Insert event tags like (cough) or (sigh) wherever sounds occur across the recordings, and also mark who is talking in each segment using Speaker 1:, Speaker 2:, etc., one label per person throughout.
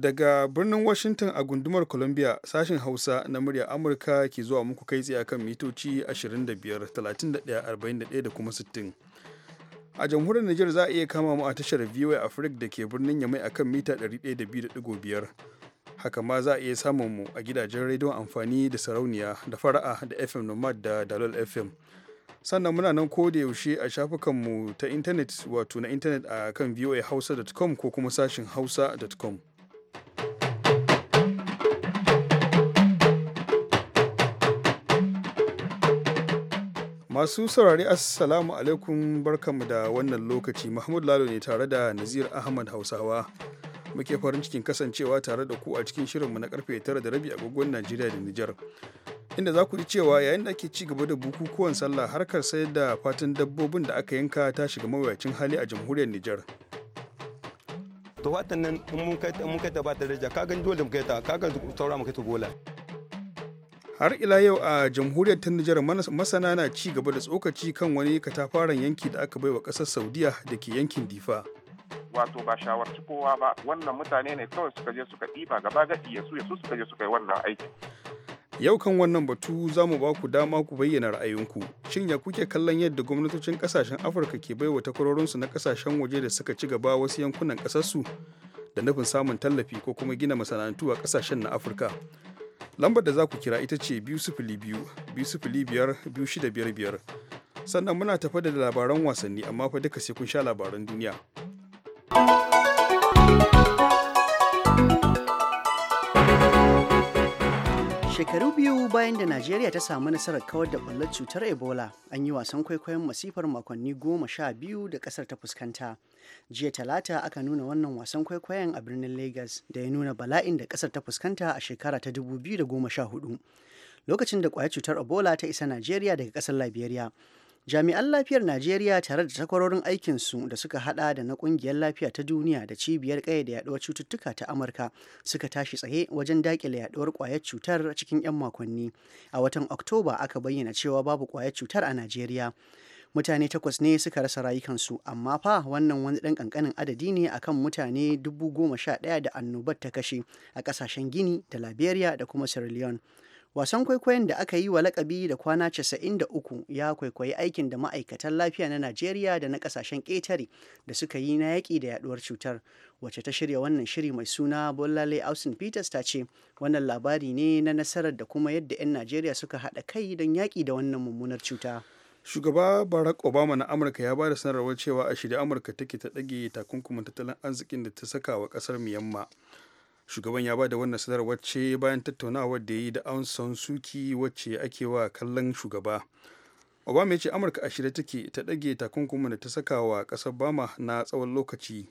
Speaker 1: Daga birnin Washington a gundumar Columbia sashen Hausa na murya Amurka ke zuwa muku kai tsaye akan mitoci 25, 31, 41 da kuma 60. A jamhuriyar niger za a iya kama mu a tashar VOA Africa da ke birnin Yamai akan mita 102.5. Haka ma za a iya samun mu a gidajen rediyon amfani da sarauniya da fara'a da FM Nomad da Dalol FM. sannan muna nan ko da yaushe a shafukanmu ta intanet wato na intanet a kan voahausa.com ko kuma sashin hausa.com Masu saurari Assalamu alaikum barkanmu da wannan lokaci Mahmud Lalo ne tare da Nazir Ahmad Hausawa. Muke farin cikin kasancewa tare da ku a cikin shirinmu na karfe tara da rabi a agogon Najeriya da Nijar. Inda za ku ji cewa yayin da ake ci gaba da bukukuwan sallah harkar sayar da fatan dabbobin da aka yanka ta shiga mawuyacin hali a jamhuriyar Nijar. to watan nan in mun kai ta ba ta daraja ka gani dole mu kai ta ka gani saura mu kai ta gola har ila yau a jamhuriyar ta Nijar masana na ci gaba da tsokaci kan wani katafaren yanki da aka baiwa kasar Saudiya da ke yankin Difa
Speaker 2: wato ba shawarci kowa ba wannan mutane ne kawai suka je suka ɗiba gaba gadi ya su ya su suka je suka yi
Speaker 1: wannan aiki. Yau kan wannan batu za mu ba ku dama ku bayyana ra'ayinku. Shin ya kuke kallon yadda gwamnatocin kasashen Afirka ke baiwa takwarorinsu na kasashen waje da suka ci gaba wasu yankunan ƙasarsu da nufin samun tallafi ko kuma gina masana'antu a kasashen na Afirka. Lambar da za ku kira ita ce biyu sifili biyu, biyu sifili biyar, biyu shida biyar biyar. Sannan muna tafa da labaran wasanni amma fa duka sai kun sha labaran duniya.
Speaker 3: Shekaru biyu bayan da Najeriya ta samu nasarar kawar da ɓullar cutar Ebola, an yi wasan kwaikwayon masifar makonni goma sha biyu da ƙasar ta fuskanta. Jiya talata aka nuna wannan wasan kwaikwayon a birnin Lagos da ya nuna bala'in da ƙasar ta fuskanta a shekara ta dubu biyu da goma sha hudu, Lokacin da ƙwayar cutar Ebola ta isa Najeriya daga ƙasar Liberia, jami'an lafiyar najeriya tare da takwarorin aikinsu da suka hada da na kungiyar lafiya ta duniya da cibiyar kaya da yaduwar cututtuka ta amurka suka tashi tsaye wajen dakile yaduwar kwayar cutar cikin 'yan makonni a watan oktoba aka bayyana cewa babu kwayar cutar a najeriya mutane takwas ne suka rasa rayukansu amma fa wannan wani ɗan ƙanƙanin adadi ne akan mutane dubu goma sha ɗaya da annobar ta kashe a ƙasashen gini da liberia da kuma sierra leone Wasan kwaikwayon da aka yi wa lakabi da kwana 93 ya kwaikwayi aikin da ma'aikatan lafiya na Najeriya da na kasashen ƙetare da suka yi na yaƙi da yaduwar cutar. Wace ta shirya wannan shiri mai suna Bollale Austin Peters ta ce, wannan labari ne na nasarar da kuma yadda 'yan Najeriya suka haɗa kai don yaƙi da wannan mummunar cuta. shugaba
Speaker 1: barack obama na amurka ya bada sanarwar cewa a shirya amurka take ta ɗage takunkumin tattalin arzikin da ta saka wa ƙasar myanmar shugaban ya bada wannan sadarwar ce bayan tattaunawar da ya yi da aung san suki wacce ake wa kallon shugaba obama ya ce amurka a shirye take ta ɗage takunkuma da ta saka wa ƙasar bama na tsawon lokaci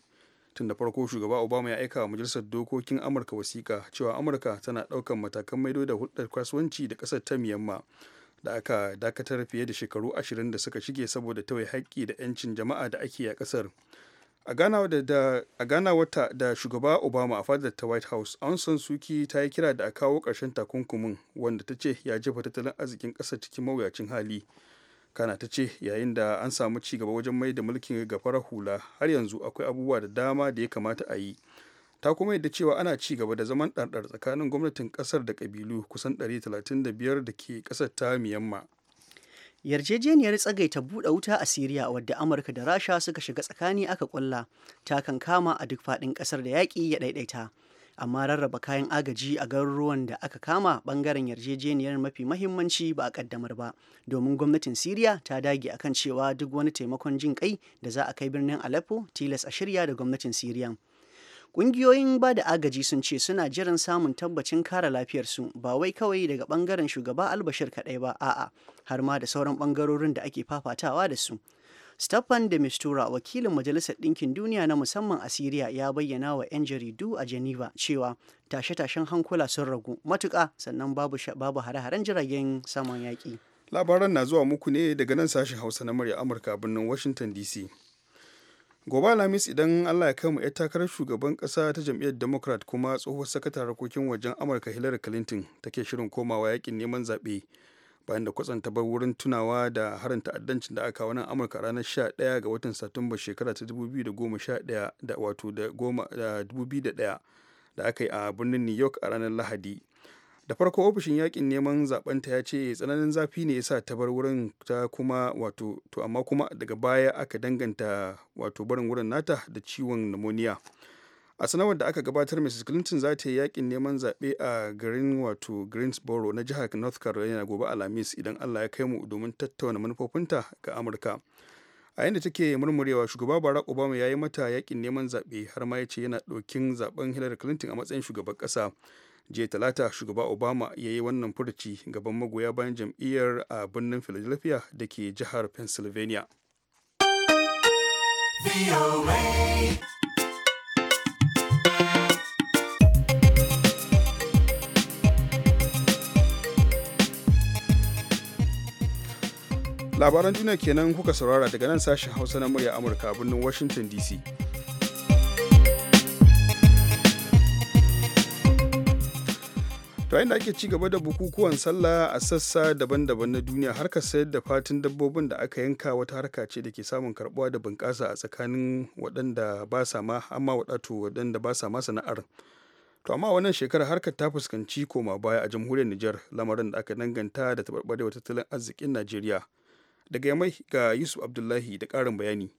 Speaker 1: tun da farko shugaba obama ya aika wa majalisar dokokin amurka wasiƙa cewa amurka tana ɗaukar matakan maido da hulɗar kasuwanci da ƙasar ta miyamma da aka dakatar fiye da shekaru ashirin da suka shige saboda tawaye haƙƙi da 'yancin jama'a da ake a ƙasar a wata da shugaba obama a fadar ta white house an san suki ta yi kira da a kawo ƙarshen takunkumin wanda ta ce ya jefa tattalin arzikin ƙasa cikin mawuyacin hali kana ta ce yayin da an samu ci gaba wajen mai da mulkin ga farar hula har yanzu akwai abubuwa da dama da ya kamata a yi ta kuma yadda cewa ana ci gaba da zaman ɗarɗar tsakanin gwamnatin ƙasar da ƙabilu kusan 135 da ke ƙasar ta miyamma yarjejeniyar
Speaker 3: tsagaita buɗe wuta a siriya wadda amurka da rasha suka shiga tsakani aka kulla ta kan kama a duk faɗin ƙasar da yaƙi ya ɗaiɗaita amma rarraba kayan agaji a garuruwan da aka kama ɓangaren yarjejeniyar mafi mahimmanci ba a kaddamar ba domin gwamnatin siriya ta dage a kan cewa duk wani taimakon jin kai da za a kai birnin aleppo tilas a shirya da gwamnatin siriya Ƙungiyoyin ba da agaji sun ce suna jiran samun tabbacin kare lafiyarsu ba wai kawai daga bangaren shugaba albashir kaɗai ba a'a har ma da sauran bangarorin da ake fafatawa da su. Staffan de Mistura, wakilin Majalisar Ɗinkin Duniya na musamman a Siriya ya bayyana wa 'yan jaridu a Geneva cewa tashe-tashen hankula sun ragu matuƙa sannan babu, babu hare-haren jiragen saman yaƙi.
Speaker 1: Labaran na zuwa muku ne daga nan sashen Hausa na murya Amurka birnin Washington DC. gobe alhamis idan allah ya kai mu yar takarar shugaban kasa ta jam'iyyar democrat kuma tsohuwar sakatar harkokin wajen amurka hillary clinton take shirin komawa yakin neman zaɓe bayan da kwatsan ta bar wurin tunawa da harin ta'addancin da aka wani amurka ranar 11 ga watan satumba shekara ta 2011 da wato da 2001 da aka yi a birnin new york a ranar lahadi da farko ofishin yakin neman ta ya ce tsananin zafi ne yasa ta bar wurin ta kuma wato to amma kuma daga baya aka danganta wato barin wurin nata da ciwon pneumonia a sanarwar da aka gabatar mrs clinton za ta yi yakin neman zaɓe a garin wato greensboro na jihar north carolina gobe alhamis idan allah ya kai mu domin tattauna manufofinta ga amurka a yadda take murmurewa shugaba barack obama ya yi mata yakin neman zaɓe har ma ya ce yana ɗokin zaben hillary clinton a matsayin shugaban ƙasa jiya talata shugaba obama ya yi wannan furuci gaban magoya bayan jam'iyyar a birnin philadelphia da ke jihar pennsylvania labaran duniya kenan kuka saurara daga nan sashen hausa na murya amurka birnin washington dc to yayin da ake ci gaba da bukukuwan sallah a sassa daban-daban na duniya harkar sayar da fatin dabbobin da aka yanka wata harka ce da ke samun karbuwa da bunƙasa a tsakanin waɗanda ba sa ma amma waɗato waɗanda ba sa ma sana'ar to amma wannan shekarar harkar ta fuskanci koma baya a jamhuriyar Nijar lamarin da aka danganta da taɓarɓarewa tattalin arzikin Najeriya daga
Speaker 4: yamai ga Yusuf Abdullahi da
Speaker 1: ƙarin bayani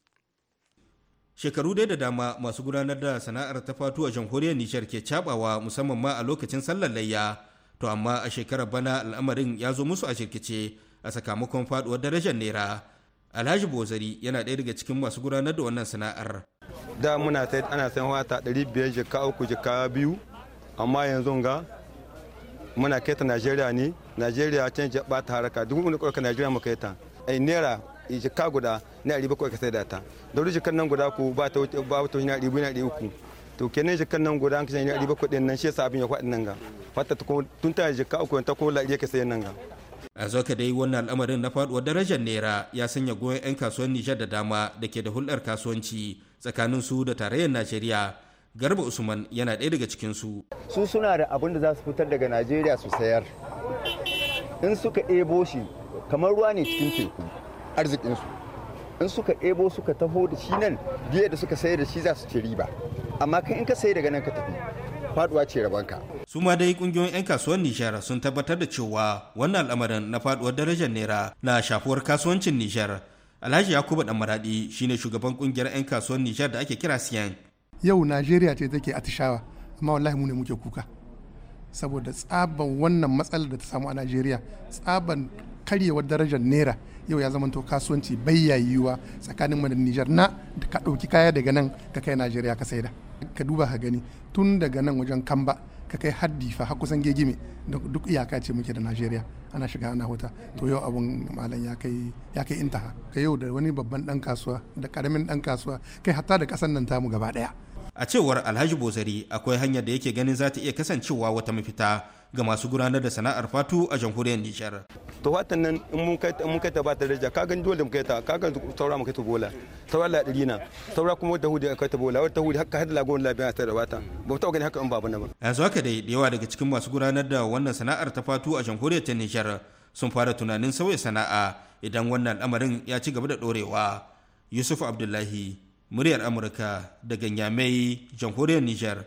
Speaker 4: shekaru dai da dama masu gudanar da sana'ar ta fatu a jamhuriyar nijar ke cabawa musamman ma a lokacin sallar layya to amma a shekarar bana al'amarin ya zo musu a shirkice a sakamakon faduwar darajar naira alhaji bozari yana ɗaya daga cikin masu gudanar da wannan sana'ar da muna sai ana san wata 500 jika uku jika biyu amma yanzu ga muna kaita najeriya ne najeriya canji jaba ta haraka duk wani ƙwarka najeriya mu kaita ai naira jikka guda na ɗari bakwai ka sai da ta da wuri jikkan nan guda ku ba ta ba ta na ɗari biyu na ɗari uku to kenan jikkan nan guda an kashe na ɗari bakwai ɗin nan shi yasa abin ya kwaɗi nan ga fata ta tun ta jikka uku ta ko laɗi ka sai nan ga. a zo ka dai wannan al'amarin na faduwar darajar naira ya sanya goyon 'yan kasuwan nijar da dama da ke da hulɗar kasuwanci tsakanin su da tarayyar najeriya garba usman yana ɗaya daga cikin su su suna da abin da za su fitar daga najeriya su sayar in suka ɗebo shi kamar ruwa ne cikin teku arzikinsu in suka ɗebo suka taho da shi nan biye da suka sayar da shi za su ci riba amma kan in ka sayi daga nan ka tafi faduwa ce rabanka su ma dai kungiyoyin 'yan kasuwar nijar sun tabbatar da cewa wannan al'amarin na faduwar darajar naira na shafuwar kasuwancin nijar alhaji yakubu dan maradi shine shugaban kungiyar 'yan kasuwar nijar da ake kira siyan
Speaker 1: yau najeriya ce take atishawa amma wallahi mu ne muke kuka saboda tsaban wannan matsalar da ta samu a najeriya tsaban karyewar darajar naira yau ya zamanto kasuwanci wa tsakanin mu da Nijar na ka dauki kaya daga nan ka kai Najeriya ka saida ka duba ka gani tun daga nan wajen Kamba ka kai haddi fa har kusan gegime duk iyaka ce muke da Najeriya ana shiga ana huta to yau abun malam ya kai ya kai intaha ka yau da wani babban dan kasuwa da karamin dan kasuwa kai hatta da kasan nan tamu gaba daya
Speaker 4: a cewar Alhaji Bozari akwai hanyar da yake ganin za ta iya kasancewa wata mafita ga masu gudanar da sana'ar fatu a jamhuriyar Nijar to watan nan in mun kai mun kai ta ba ta daraja ka gani dole mun kai ta ka gani saura mun kai ta bola saura la dari na saura kuma wata hudu kai ta bola wata hudu haka hadda lagon lafiya ta da wata ba ta gani haka in babu na ba yanzu haka dai da yawa daga cikin masu gudanar da wannan sana'ar ta fatu a jamhuriyar ta Nijar sun fara tunanin sauya sana'a idan wannan al'amarin ya ci gaba da dorewa Yusuf Abdullahi muryar Amurka daga Nyamai jamhuriyar Nijar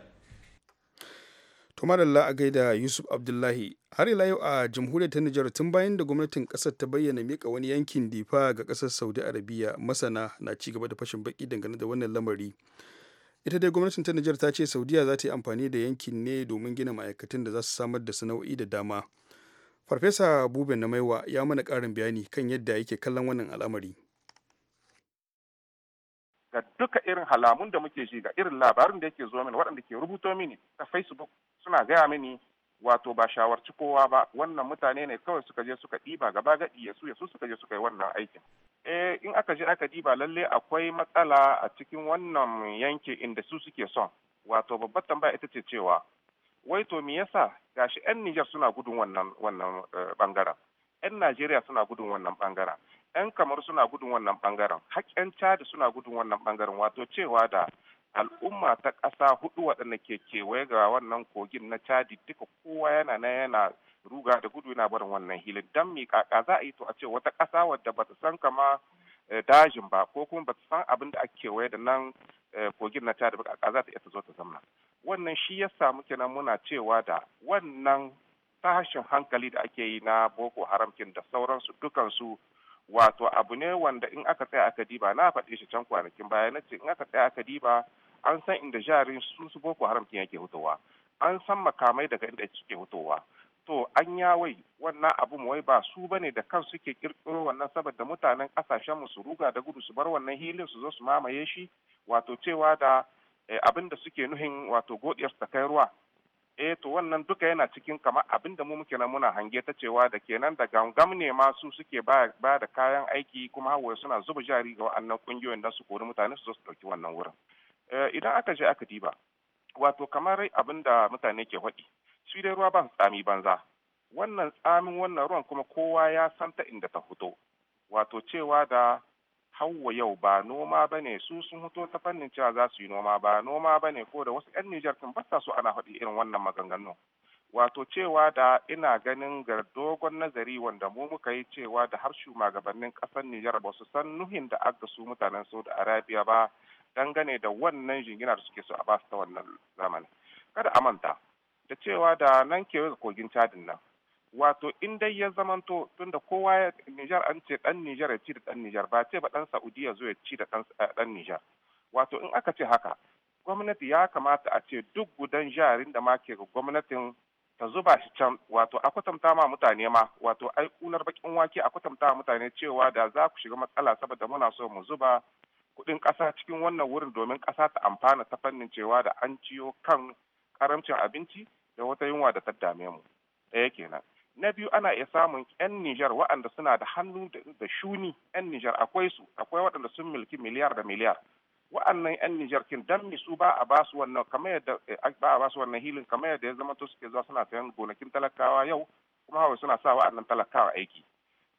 Speaker 1: to madalla a gaida yusuf abdullahi har ila yau a jamhuriyar ta nijar tun bayan da gwamnatin kasar ta bayyana mika wani yankin difa ga kasar saudi arabiya masana na ci gaba da fashin baki dangane da wannan lamari ita dai gwamnatin ta nijar ta ce saudiya za ta yi amfani da yankin ne domin gina ma'aikatan da za su samar da sana'o'i da dama farfesa bube na maiwa ya mana karin bayani kan yadda yake kallon wannan
Speaker 4: al'amari
Speaker 2: ga duka irin halamun da muke ji ga irin labarin da yake zo mini waɗanda ke rubuto mini ta facebook suna gaya mini wato ba shawarci kowa ba wannan mutane ne kawai suka je suka ɗiba gaba gaɗi ya su ya su suka je suka yi wannan aikin eh in aka je aka ɗiba lalle akwai matsala a cikin wannan yanki inda su suke son wato babbar tambaya ita ce cewa wai to me yasa gashi 'yan Nijar suna gudun wannan wannan bangaren eh, 'yan Najeriya suna gudun wannan bangaren 'yan kamar suna gudun wannan bangaren hak 'yan cadi suna gudun wannan bangaren wato cewa da al'umma ta ƙasa hudu waɗanda ke kewaye ga wannan kogin na cadi duka kowa yana na yana ruga da gudu yana barin wannan hilin dan mi kaka za a yi to a ce wata ƙasa wadda ba ta san kama eh, dajin ba ko kuma ba ta san abin da ake kewaye da nan eh, kogin na cadi ba kaka za ta iya ta zo ta zamna wannan shi ya samu kenan muna cewa da wannan tashin hankali da ake yi na boko haram kin da sauransu dukansu wato abu ne wanda in aka tsaya aka diba na faɗe shi can kwanakin baya na ce in aka tsaya aka diba an san inda jarin su su boko haram kin yake hutowa an san makamai daga inda suke hutowa to an yawai wannan abu wai ba su bane da kan suke kirkiro wannan saboda mutanen kasashen su ruga da gudu su bar wannan hilin su zo su mamaye shi wato cewa da eh, abin da suke nuhin wato godiyar ta kai ruwa eh to wannan duka yana cikin kamar abinda mu muke nan muna hange ta cewa da kenan da gangam ne ma su suke ba da kayan aiki kuma hawa suna zuba jari ga wa'annan kungiyoyin da su kori mutane su zo su dauki wannan wurin eh, idan aka je aka diba wato kamar abinda mutane ke faɗi su dai ruwa ba tsami banza wannan tsamin wannan ruwan kuma kowa ya san ta inda ta fito wato cewa da hauwa yau ba noma ba ne su sun fito ta fannin cewa za su yi noma ba noma ba ne ko da wasu 'yan Nijar sun basta su ana faɗi irin wannan maganganu. Wato cewa da ina ganin ga dogon nazari wanda mu muka yi cewa da har shugabannin ƙasar Nijar ba su san nuhin da aka su mutanen Saudi Arabia ba dangane da wannan jingina da suke so a basu ta wannan zamani. Kada a manta da cewa da nan kewaye kogin cadin nan wato in dai ya zamanto tunda kowa ya Nijar an ce dan Nijar ya ci da dan Nijar ba ce ba dan Saudiya zo ya ci da dan eh, Nijar wato in aka ce haka gwamnati ya kamata a ce duk gudan jarin da ma ke gwamnatin ta zuba shi can wato a kwatanta ma mutane ma wato ai kunar bakin wake a kwatanta mutane cewa da za ku shiga matsala saboda muna so mu zuba kuɗin ƙasa cikin wannan wurin domin kasa ta amfana ta fannin cewa da an ciyo kan karamcin abinci da wata yunwa da ta dame mu ɗaya kenan na biyu ana iya samun 'yan Nijar waɗanda suna da hannu da shuni 'yan Nijar akwai su akwai waɗanda sun milki miliyar da miliyar wa'annan 'yan Nijar kin dan su ba a ba su wannan kamar yadda eh, ba a ba su wannan hilin kamar yadda ya zama to suke zuwa suna sayan gonakin talakawa yau kuma hawa suna sa wa'annan talakawa aiki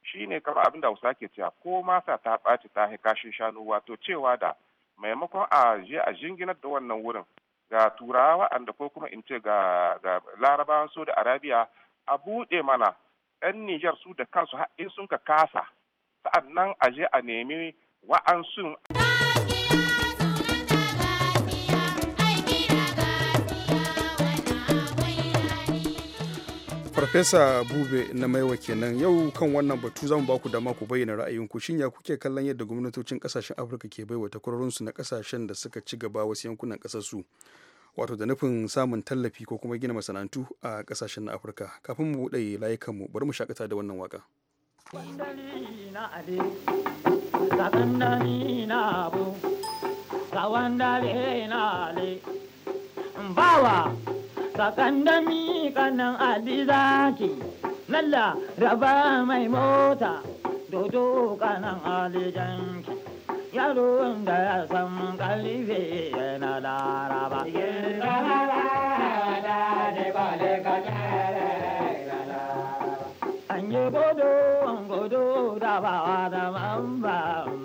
Speaker 2: shine kamar abin da Hausa ke cewa ko masa ta ɓaci ta hi kashin shanu wato cewa da maimakon a je a jinginar da wannan wurin ga turawa wa'anda ko kuma in ce ga larabawan saudi arabia a buɗe mana 'yan Nijar su da kansu in sun ka kasa sa'annan a je a nemi wa'ansu.
Speaker 1: Farfesa Bube na maiwa kenan yau kan wannan batu zamu baku dama ku bayyana ra'ayinku shinya kuke kallon yadda gwamnatocin kasashen Afirka ke baiwa takwarorinsu na kasashen da suka ci gaba wasu yankunan kasarsu. wato da nufin samun tallafi ko kuma gina masana'antu a kasashen na afirka kafin mu buɗe layukanmu bari mu shakata da wannan waka
Speaker 5: bawa sakandami kanan alizaki
Speaker 6: nalla raba mai mota dodo kanan alijan yaro da ya san kalife yana laraba.
Speaker 5: An yi godo, godo da bawa da mamba.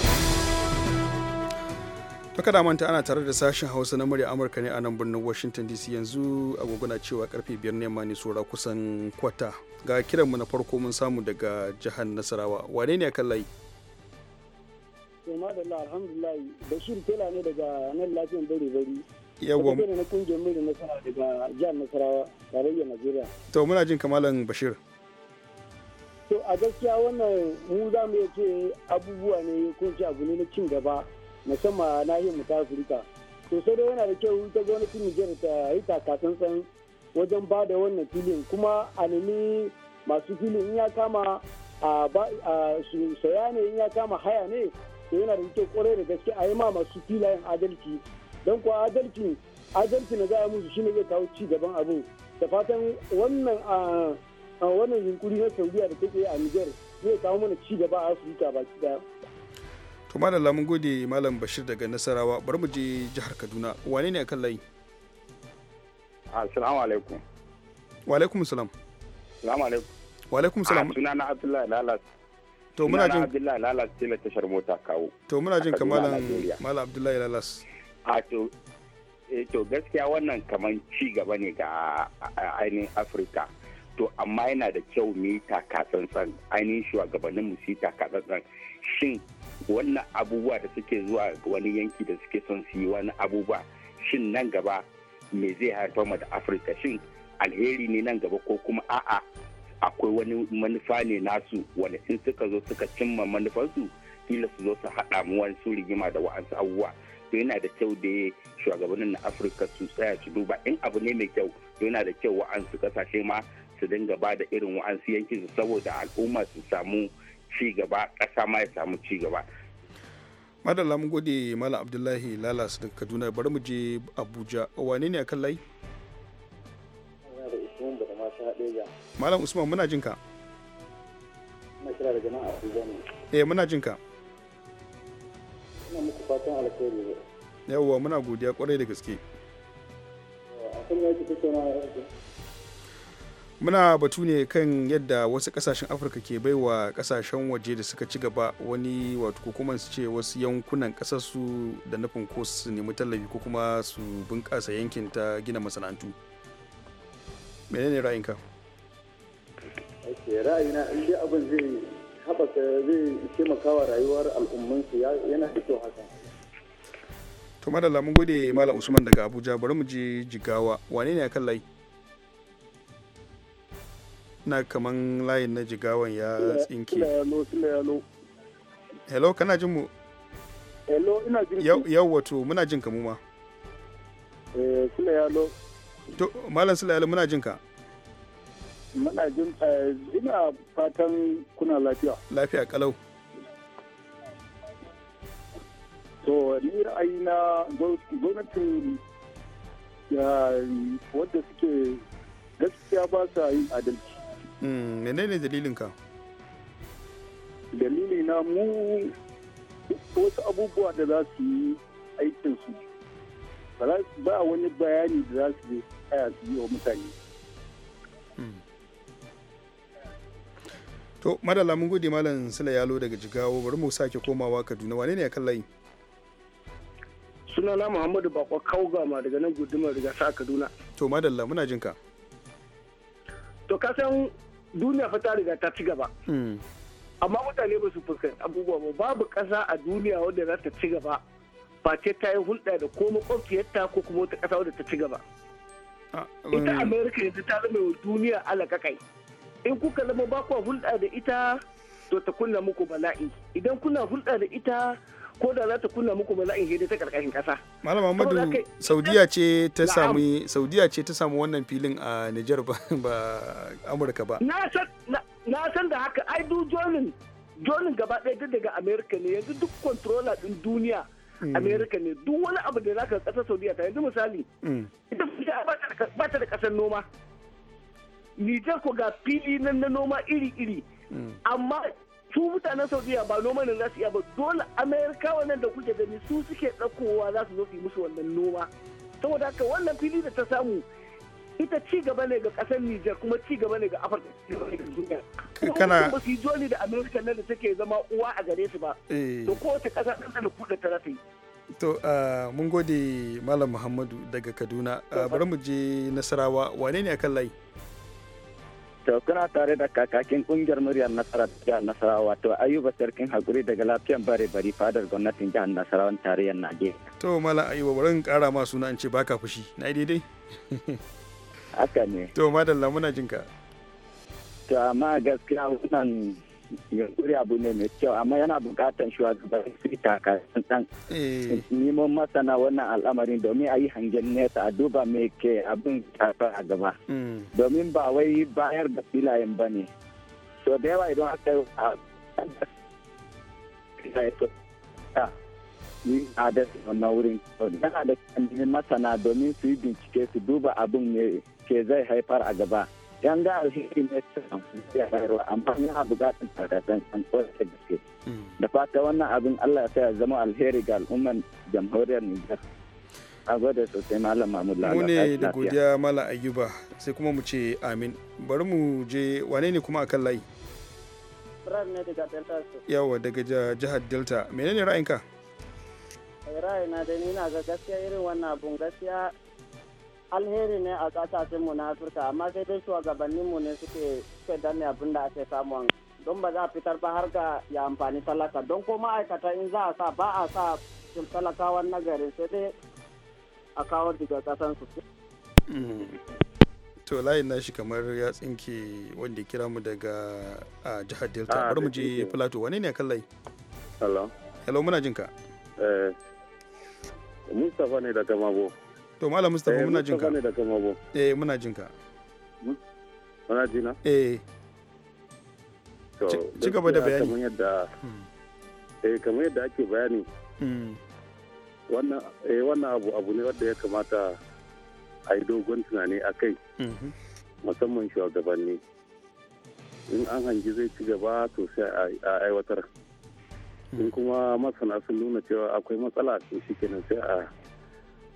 Speaker 1: kada manta ana tare da sashen hausa na murya amurka ne a nan birnin washington dc yanzu agogona cewa karfe biyar ne ma ne tsora kusan kwata ga kiranmu na farko mun samu daga jihar nasarawa wane ne kan layi
Speaker 5: da alhamdulillah bashir tela ne daga nan lafiyan bari bari yawon ne na kungiyar murya nasara daga jihar nasarawa tarayyar najeriya
Speaker 1: to muna jin kamalan bashir
Speaker 5: to a gaskiya wannan mu za mu ce abubuwa ne ko abu ne na cin gaba musamman nahiyar mu ta afirka to sai dai yana da kyau ta gwamnatin nijar ta yi takatsantsan wajen ba da wannan filin kuma a nemi masu filin in ya kama a saya ne in ya kama haya ne to yana da kyau kwarai da gaske a yi ma masu filayen adalci don kuwa adalci adalci na za a musu ne zai kawo ci gaban abu da fatan wannan a wannan yunkuri na saudiya da take a niger zai kawo mana ci gaba a afirka baki daya
Speaker 1: to malam mun gode malam bashir daga nasarawa bari mu je jihar kaduna wane ne akan layi
Speaker 4: assalamu alaikum
Speaker 1: wa alaikum salam
Speaker 4: assalamu alaikum wa alaikum salam ah, suna na abdullahi lalas to muna jin abdullahi lalas na tashar mota kawo to muna jin ka malam abdullahi lalas a ah, to eh to gaskiya wannan kaman ci gaba ne ga ainihin afirka to amma yana da kyau mu yi takatsantsan ainihin shugabannin mu su yi takatsantsan shin wannan abubuwa da suke zuwa wani yanki da suke son su yi wani abubuwa shin nan gaba me zai haifar mu da afirka shin alheri ne nan gaba ko kuma a'a akwai wani manufa ne nasu wanda in suka zo suka cimma manufarsu kila su zo su haɗa mu wani su rigima da wa'ansu abubuwa to yana da kyau da shugabannin na afirka su tsaya su duba in abu ne mai kyau to yana da kyau wa'ansu kasashe ma su dinga ba da irin wa'ansu yankin saboda al'umma su samu ci gaba ƙasa ma ya samu ci gaba
Speaker 1: madalla mun gode mala abdullahi lalas daga kaduna bari mu je abuja wane ne a kan layi malam usman muna jin ka eh muna jin ka yawwa muna godiya kwarai da gaske muna batu ne kan yadda wasu kasashen afirka ke baiwa kasashen waje da suka ci gaba wani wato ko kuma su ce wasu yankunan kasarsu da nufin ko su nemi tallafi ko kuma su bunƙasa yankin ta gina masana'antu menene ra'ayinka ra'ayina
Speaker 5: in dai abin zai haɓaka zai taimakawa rayuwar al'ummansu yana da kyau haka
Speaker 1: to madalla mun gode malam usman daga abuja bari mu je jigawa wane ne a kan layi ina kaman layin na jigawan ya tsinke hello kana jin mu
Speaker 5: hello ina jin mu.
Speaker 1: yau wato muna jin ka mu ma
Speaker 5: eh yalo
Speaker 1: to malam sule yalo muna jin ka
Speaker 5: muna jin eh, ina fatan kuna lafiya
Speaker 1: lafiya kalau
Speaker 5: to ni ra'ayi na gwamnatin wadda suke gaskiya ba sa yin adalci
Speaker 1: Mm, menene dalilinka
Speaker 5: dalili na mu wasu abubuwa da za su yi aikinsu ba wani bayani da za su tsaya su yi wa mutane
Speaker 1: mm. to madalla mun gode malam sula yalo daga jigawo bari mu sake komawa kaduna wane ne ya kan layi
Speaker 5: sunana muhammadu bako kaugama daga nan gudumar daga
Speaker 1: sa kaduna to madalla muna jinka
Speaker 5: to ka san duniya fa ta riga ta ci gaba hmm. amma mutane ba su fuskanci abubuwa ba babu ƙasa a duniya wadda za ta ci gaba face ta yi hulɗa da ko makwabciyarta ko kuma wata ƙasa wadda ta ci gaba ah, ita amerika yanzu ta zama wa duniya alaƙaƙai in kuka zama ba hulɗa da ita to ta kunna muku bala'i idan kuna hulɗa da ita ko da za ta kunna muku ba za in hede ta karkashin kasa
Speaker 1: malam Muhammadu Saudiya ce ta samu Saudiya ce ta samu wannan filin a Niger (laughs) ba Amurka ba
Speaker 5: na san na san da haka ai du jonin jonin gaba ɗaya duk daga Amerika ne yanzu duk controller din duniya hmm. Amerika ne duk wani abu da ka kasa Saudiya ta yanzu misali hmm. ita ba ta da kasar noma Nijar ko ga fili na noma iri-iri hmm. amma su mutanen saudiya ba noman nan za su iya ba dole amerika wannan da kuke gani su suke ɗaukowa za su zo su yi musu wannan noma saboda haka wannan fili da ta samu ita ci gaba ne ga kasar Nijar kuma ci gaba ne ga Afirka kana ba su joni da Amerika nan da take zama uwa a gare su ba eh. to kowace kasa ɗan da kuɗa ta rafi
Speaker 1: to ah, mun gode Malam Muhammadu daga Kaduna ah, bari mu je Nasarawa wane ne akan layi
Speaker 5: To kuna tare da kakakin kungiyar muryar nasara ta jihar Nasarawa wato Ayuba Sarkin Hakuri daga lafiyan bare bari fadar gwamnatin jihar Nasarawa tarayyar Najeriya.
Speaker 1: To mala Ayuba bari in kara ma suna an ce baka fushi na daidai. Haka ne. To madalla muna jinka.
Speaker 5: To amma gaskiya wannan yankuri abu ne mai kyau amma yana bukatar shugabannin su taka tsantsan eh. neman masana wannan al'amarin domin a yi hangen nesa a duba mai ke abin tafa a gaba hmm. domin ba wai bayar da filayen ba ne so da yawa idan aka yi a da wannan yana da masana domin su yi bincike su duba abin ke zai haifar a gaba. yan ga alheri ne ya amma da gaske da fata wannan abin Allah ya sa ya zama alheri ga al'umman jamhuriyar Nijar a gode sosai malam Mahmud Lala mu ne da godiya
Speaker 1: malam Ayuba sai kuma mu ce amin bari mu je wane ne kuma akan layi yawa daga jihar Delta menene ra'ayinka
Speaker 5: ra'ayina da ni na ga gaskiya irin wannan abun gaskiya alheri ne a kasashen mu na afirka amma sai dai shugabannin mu ne suke suke danne abin da ake samu don ba za a fitar ba har ga ya amfani talaka don ko ma'aikata in za a sa ba a sa talakawan nagari sai dai a kawo daga kasan su
Speaker 1: mm. to layin nashi kamar ya tsinke wanda kira mu daga a jihar delta ah, bari mu je filato wane ne kan layi hello hello muna jinka eh, mustapha ne daga mago to malam mustapha eh, muna jinka eh muna jinka
Speaker 5: hmm? muna jina eh ci gaba da bayani kamar yadda hmm. eh kamar yadda ake bayani hmm. wannan eh wannan abu abu ne wanda ya kamata a yi dogon tunani a kai mm-hmm. musamman shugabanni in an hangi zai ci gaba to sai a aiwatar in kuma masana sun nuna cewa akwai matsala to shi kenan sai a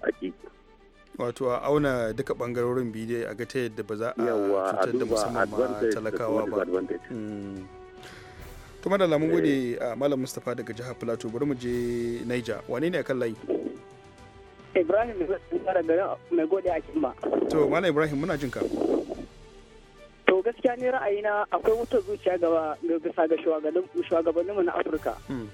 Speaker 5: aƙiƙi
Speaker 1: wato a auna duka bangarorin bidiyo a ga ta yadda ba za a cutar da musamman ma talakawa ba kuma da lamun gode eh. a malam mustapha daga jihar plateau bari mu je niger wane ne kan layi
Speaker 5: ibrahim daga garin mai gode
Speaker 1: a kimba to malam ibrahim muna jinka
Speaker 5: to gaskiya ne ra'ayina akwai wuta zuciya gaba bisa ga shugabanninmu na afirka
Speaker 1: hmm.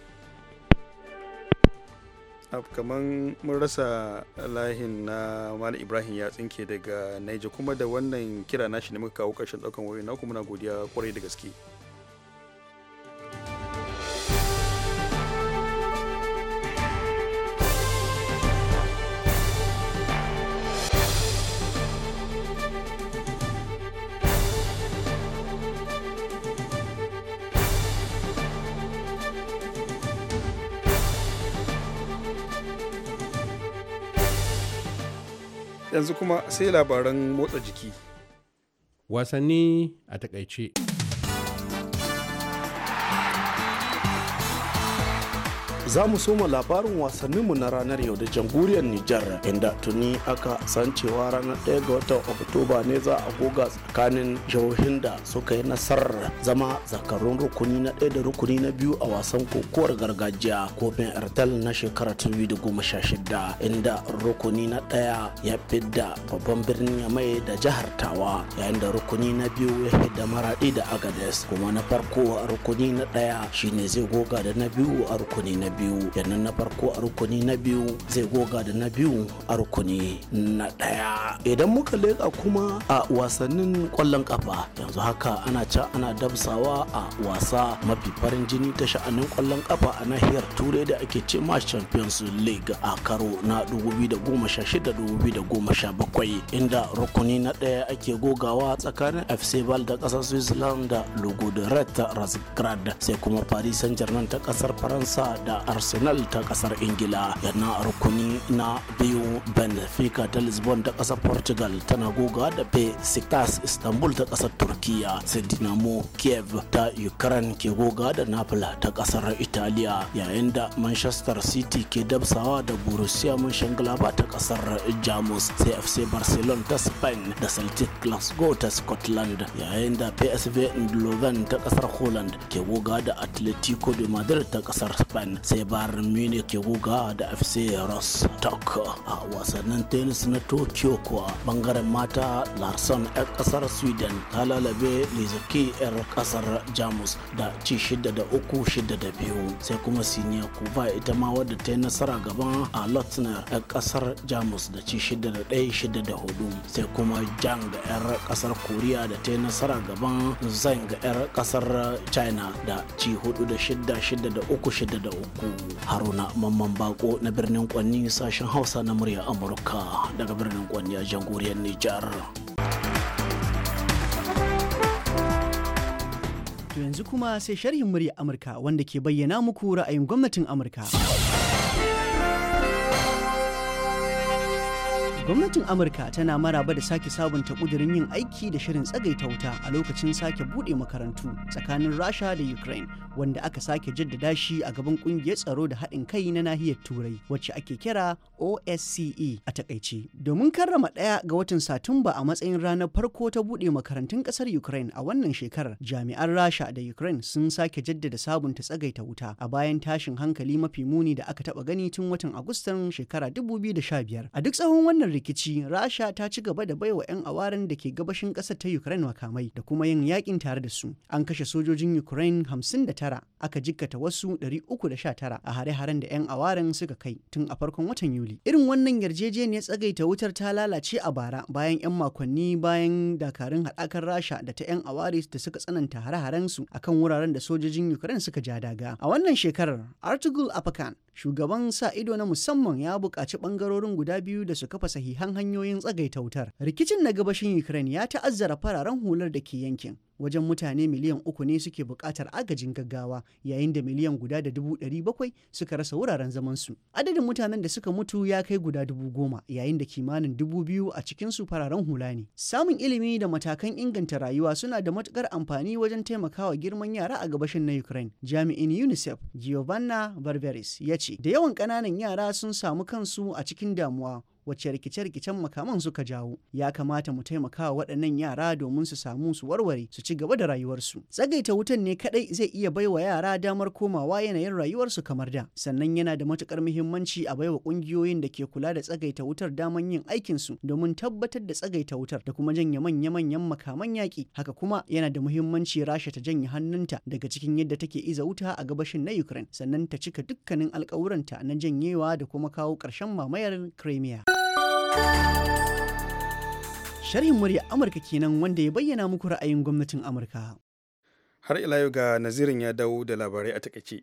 Speaker 1: kamar mun rasa lahin na mali ibrahim ya tsinke daga naija kuma da wannan kira nashi ne muka kawo ƙarshen ɗaukan wayoyi na kuma na godiya kwarai da gaske yanzu kuma sai labaran motsa jiki.
Speaker 4: Wasanni a takaice. za
Speaker 6: mu soma labarin wasanninmu na ranar yau da jamhuriyar Nijar inda tuni aka san cewa ranar 1 ga watan Oktoba ne za a goga tsakanin jihohin da suka yi nasarar zama zakarun rukuni na ɗaya da rukuni na biyu a wasan kokowar gargajiya kofin Ertel na shekara shida. inda rukuni na ɗaya ya fidda babban birnin mai da jihar Tawa yayin da rukuni na biyu ya fidda Maraɗi da Agades kuma na farko rukuni na ɗaya shine zai goga da na biyu a rukuni na biyu biyu da na farko a rukuni na biyu zai goga da na biyu a rukuni na ɗaya idan muka leƙa kuma a wasannin ƙwallon ƙafa yanzu haka ana can ana dabsawa a wasa mafi farin jini ta sha'anin ƙwallon ƙafa a nahiyar turai da ake ce ma champions league a karo na 2016-2017 inda rukuni na ɗaya ake gogawa tsakanin fc bal da ƙasar switzerland da lugo da red razgrad sai kuma paris saint germain ta ƙasar faransa da arsenal ta kasar ingila yana rukuni na biyu benfica ta lisbon ta kasar portugal tana goga da besiktas istanbul ta kasar turkiya sai dinamo kiev ta ukraine ke goga da napoli ta kasar italiya yayin da manchester city ke dabsawa da borussia mönchengladbach ta kasar jamus sai fc barcelona ta spain da celtic glasgow ta scotland yayin da psv eindhoven ta kasar holland ke goga da atletico de madrid ta kasar spain sai sai bayar munich ke guga da fc rostock a wasannin tennis na tokyo kuwa bangaren mata larson 'yan kasar sweden ta lalabe lizaki 'yar kasar jamus da ci 6 da 3 6 da 2 sai kuma siniya kuba ita ma wadda ta yi nasara gaban a lotner 'yan kasar jamus da ci 6 da 1 6 da 4 sai kuma jang 'yan kasar koriya da ta yi nasara gaban zang 'yar kasar china da ci 4 da 6 6 da 3 6 da 3 naku haruna mamman bako na birnin kwanni sashen hausa na murya amurka daga birnin kwanni a jamhuriyar nijar
Speaker 3: to yanzu kuma sai sharhin murya amurka wanda ke bayyana muku ra'ayin gwamnatin amurka gwamnatin amurka tana maraba da sake sabunta ƙudurin yin aiki da shirin tsagaita wuta a lokacin sake buɗe makarantu tsakanin rasha da ukraine wanda aka sake jaddada shi a gaban ƙungiyar tsaro da haɗin kai na nahiyar turai wacce ake kira osce a takaice domin karrama ɗaya ga watan satumba a matsayin ranar farko ta buɗe makarantun ƙasar ukraine a wannan shekarar jami'an rasha da ukraine sun sake jaddada sabunta tsagaita wuta a bayan tashin hankali mafi muni da aka taɓa gani tun watan agustan shekara 2015 a duk tsawon wannan rikici rasha ta ci gaba da baiwa 'yan awarin da ke gabashin ƙasar ta ukraine makamai da kuma yin yakin tare da su an kashe sojojin ukraine tara aka jikkata wasu 319 a hare-haren da 'yan awarin suka kai tun a farkon watan yuli irin wannan yarjejeniyar tsagaita wutar ta lalace a bara bayan 'yan makonni bayan dakarun haɗakar rasha da ta 'yan awari da suka tsananta hare-haren su akan wuraren da sojojin ukraine suka ja daga a wannan shekarar article apakan shugaban sa ido na musamman ya buƙaci ɓangarorin guda biyu da su kafa sahihan hanyoyin tsagaita wutar rikicin na gabashin ukraine ya ta'azzara fararen hular da ke yankin wajen mutane miliyan uku ne suke buƙatar agajin gaggawa yayin da miliyan guda da dubu ɗari bakwai suka rasa wuraren zamansu. Adadin mutanen da suka mutu ya kai guda dubu goma yayin da kimanin dubu biyu a cikin su fararen hula ne. Samun ilimi da matakan inganta rayuwa suna da matukar amfani wajen taimakawa girman yara a gabashin na Ukraine. Jami'in UNICEF Giovanna Barberis ya ce da yawan ƙananan yara sun samu kansu a cikin damuwa wacce rikice-rikicen makaman suka jawo ya kamata mu taimaka wa waɗannan yara domin su samu su warware su ci gaba da rayuwarsu tsagaita wutan ne kaɗai zai iya baiwa yara damar komawa yanayin rayuwarsu kamar da sannan yana da matukar muhimmanci a baiwa ƙungiyoyin da ke kula da tsagaita wutar damar yin aikinsu domin tabbatar da tsagaita wutar da kuma janye manya-manyan makaman yaƙi haka kuma yana da muhimmanci rasha ta janye hannunta daga cikin yadda take iza wuta a gabashin na ukraine sannan ta cika dukkanin alkawuranta na janyewa da kuma kawo ƙarshen mamayar crimea Sharhin murya Amurka kenan wanda ya bayyana muku ra'ayin gwamnatin Amurka.
Speaker 1: Har ila yau ga nazirin ya dawo da labarai a takaice.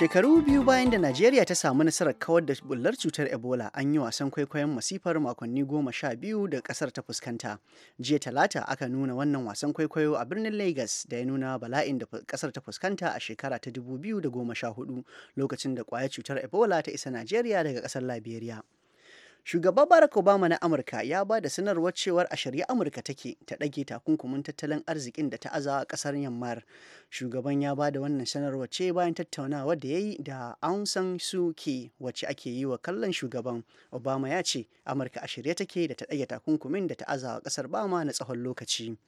Speaker 3: Shekaru biyu bayan da Najeriya ta samu nasarar kawar da bullar cutar Ebola an yi wasan kwaikwayon masifar makonni goma sha biyu da kasar ta fuskanta. Jiya talata aka nuna wannan wasan kwaikwayo a birnin Lagos da ya nuna bala'in da kasar ta fuskanta a shekara ta dubu biyu da goma sha hudu lokacin da kwaya cutar Ebola ta isa Najeriya daga kasar Liberia. Shugaba Barack Obama na Amurka ya ba da sanarwar cewar a shirye Amurka take ta ɗage takunkumin tattalin arzikin da ta aza a ƙasar Yammar. Shugaban ya ba da wannan sanarwar ce bayan tattaunawa da ya yi da Aung San Suu Kyi wacce ake yi wa kallon shugaban. Obama ya ce Amurka a shirye take da ta ɗage takunkumin da ta aza a ƙasar Bama na tsawon lokaci.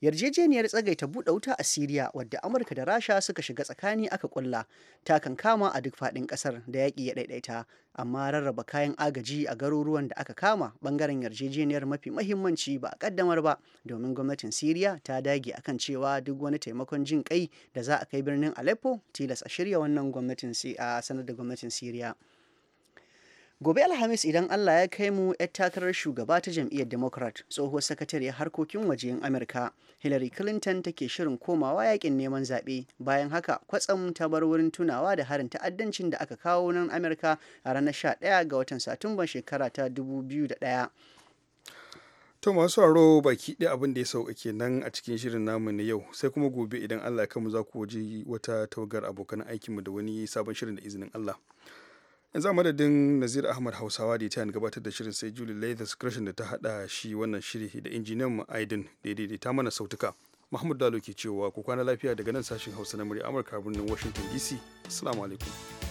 Speaker 3: yarjejeniyar tsagaita buɗe wuta a siriya wadda amurka da rasha suka shiga tsakani aka kulla ta kan kama a duk faɗin ƙasar da yaƙi ya ɗaiɗaita amma rarraba kayan agaji a garuruwan da aka kama ɓangaren yarjejeniyar mafi mahimmanci ba a ƙaddamar ba domin gwamnatin siriya ta dage a kan cewa duk wani taimakon jin kai da za a kai birnin aleppo tilas a shirya wannan gwamnatin sanar da gwamnatin siriya Gobe Alhamis idan Allah ya kai mu 'yar takarar shugaba ta jam'iyyar Democrat tsohuwar sakatariyar harkokin wajen Amurka Hillary Clinton take shirin komawa yakin neman zaɓe bayan haka kwatsam ta bar wurin tunawa da harin ta'addancin da aka kawo nan Amurka a ranar 11 ga watan Satumban shekara ta 2001. To masu
Speaker 1: aro baki ɗaya abin da ya sauka kenan a cikin shirin namu na yau sai kuma gobe idan Allah ya mu za ku waje wata tawagar abokan aikinmu da wani sabon shirin da izinin Allah. yanzu a madadin nazir ahmad hausawa da ta gabatar da shirin sai julie lathis gresham da ta hada shi wannan shiri da injiniyan mu aidin daidai ta mana sautuka mahmud dalo ke cewa ku kwana lafiya daga nan sashen hausa na murya amurka birnin washington dc assalamu alaikum